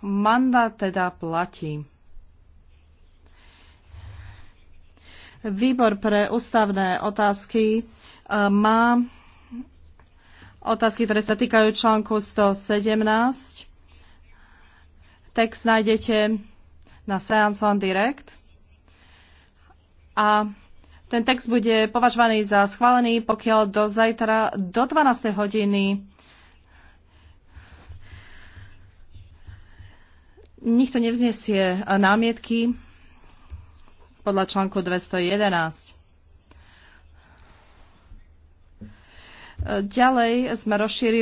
Manda teda platí. Výbor pre ústavné otázky e, má otázky, ktoré sa týkajú článku 117. Text nájdete na Seance on Direct. A ten text bude považovaný za schválený, pokiaľ do zajtra do 12. hodiny nikto nevznesie eh, námietky podľa článku 211. Eh, ďalej sme rozšírili